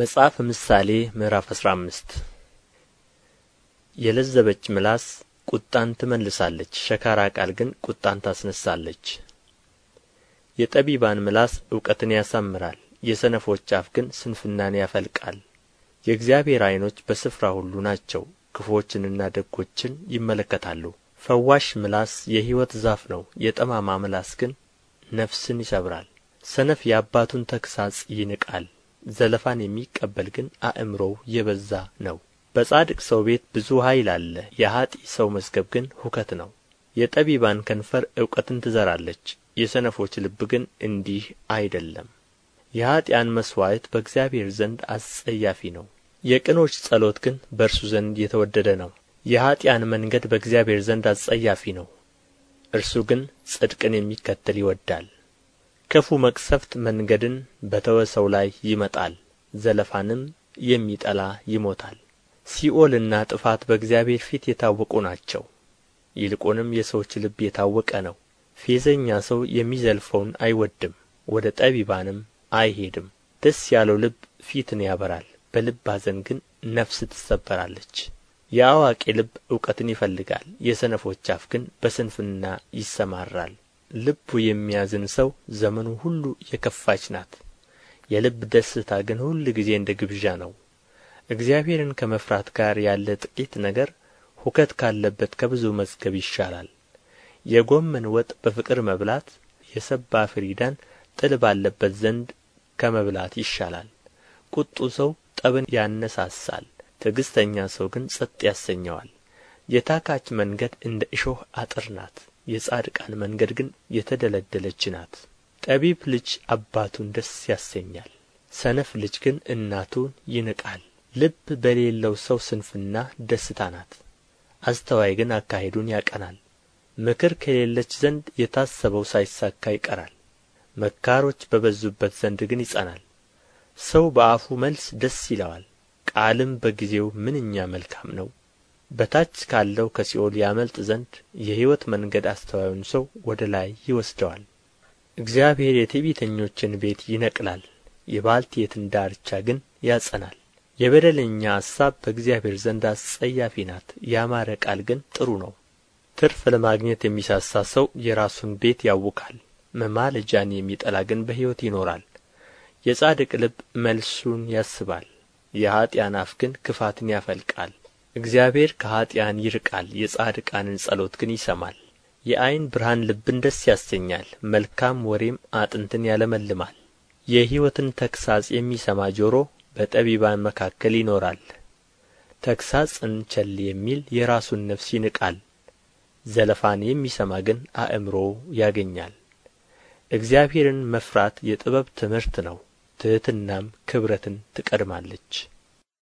መጽሐፈ ምሳሌ ምዕራፍ አስራ አምስት የለዘበች ምላስ ቁጣን ትመልሳለች፣ ሸካራ ቃል ግን ቁጣን ታስነሳለች። የጠቢባን ምላስ እውቀትን ያሳምራል፣ የሰነፎች አፍ ግን ስንፍናን ያፈልቃል። የእግዚአብሔር አይኖች በስፍራ ሁሉ ናቸው፣ ክፉዎችንና ደጎችን ይመለከታሉ። ፈዋሽ ምላስ የሕይወት ዛፍ ነው፣ የጠማማ ምላስ ግን ነፍስን ይሰብራል። ሰነፍ የአባቱን ተግሣጽ ይንቃል ዘለፋን የሚቀበል ግን አእምሮው የበዛ ነው። በጻድቅ ሰው ቤት ብዙ ኃይል አለ፣ የኀጢ ሰው መዝገብ ግን ሁከት ነው። የጠቢባን ከንፈር እውቀትን ትዘራለች፣ የሰነፎች ልብ ግን እንዲህ አይደለም። የኀጢአን መሥዋዕት በእግዚአብሔር ዘንድ አስጸያፊ ነው፣ የቅኖች ጸሎት ግን በእርሱ ዘንድ የተወደደ ነው። የኀጢአን መንገድ በእግዚአብሔር ዘንድ አስጸያፊ ነው፣ እርሱ ግን ጽድቅን የሚከተል ይወዳል። ክፉ መቅሰፍት መንገድን በተወ ሰው ላይ ይመጣል ዘለፋንም የሚጠላ ይሞታል ሲኦልና ጥፋት በእግዚአብሔር ፊት የታወቁ ናቸው ይልቁንም የሰዎች ልብ የታወቀ ነው ፌዘኛ ሰው የሚዘልፈውን አይወድም ወደ ጠቢባንም አይሄድም ደስ ያለው ልብ ፊትን ያበራል በልብ አዘን ግን ነፍስ ትሰበራለች የአዋቂ ልብ እውቀትን ይፈልጋል የሰነፎች አፍ ግን በስንፍና ይሰማራል ልቡ የሚያዝን ሰው ዘመኑ ሁሉ የከፋች ናት። የልብ ደስታ ግን ሁል ጊዜ እንደ ግብዣ ነው። እግዚአብሔርን ከመፍራት ጋር ያለ ጥቂት ነገር ሁከት ካለበት ከብዙ መዝገብ ይሻላል። የጎመን ወጥ በፍቅር መብላት የሰባ ፍሪዳን ጥል ባለበት ዘንድ ከመብላት ይሻላል። ቁጡ ሰው ጠብን ያነሳሳል፣ ትዕግሥተኛ ሰው ግን ጸጥ ያሰኘዋል። የታካች መንገድ እንደ እሾህ አጥር ናት። የጻድቃን መንገድ ግን የተደለደለች ናት ጠቢብ ልጅ አባቱን ደስ ያሰኛል ሰነፍ ልጅ ግን እናቱን ይንቃል ልብ በሌለው ሰው ስንፍና ደስታ ናት አስተዋይ ግን አካሄዱን ያቀናል ምክር ከሌለች ዘንድ የታሰበው ሳይሳካ ይቀራል መካሮች በበዙበት ዘንድ ግን ይጸናል ሰው በአፉ መልስ ደስ ይለዋል ቃልም በጊዜው ምንኛ መልካም ነው በታች ካለው ከሲኦል ያመልጥ ዘንድ የሕይወት መንገድ አስተዋዩን ሰው ወደ ላይ ይወስደዋል እግዚአብሔር የትዕቢተኞችን ቤት ይነቅላል የባልቴትን ዳርቻ ግን ያጸናል የበደለኛ አሳብ በእግዚአብሔር ዘንድ አስጸያፊ ናት ያማረ ቃል ግን ጥሩ ነው ትርፍ ለማግኘት የሚሳሳ ሰው የራሱን ቤት ያውካል መማለጃን የሚጠላ ግን በሕይወት ይኖራል የጻድቅ ልብ መልሱን ያስባል የኀጥኣን አፍ ግን ክፋትን ያፈልቃል እግዚአብሔር ከኃጥኣን ይርቃል የጻድቃንን ጸሎት ግን ይሰማል የዓይን ብርሃን ልብን ደስ ያሰኛል መልካም ወሬም አጥንትን ያለመልማል የሕይወትን ተግሣጽ የሚሰማ ጆሮ በጠቢባን መካከል ይኖራል ተግሣጽን ቸል የሚል የራሱን ነፍስ ይንቃል ዘለፋን የሚሰማ ግን አእምሮ ያገኛል እግዚአብሔርን መፍራት የጥበብ ትምህርት ነው ትሕትናም ክብረትን ትቀድማለች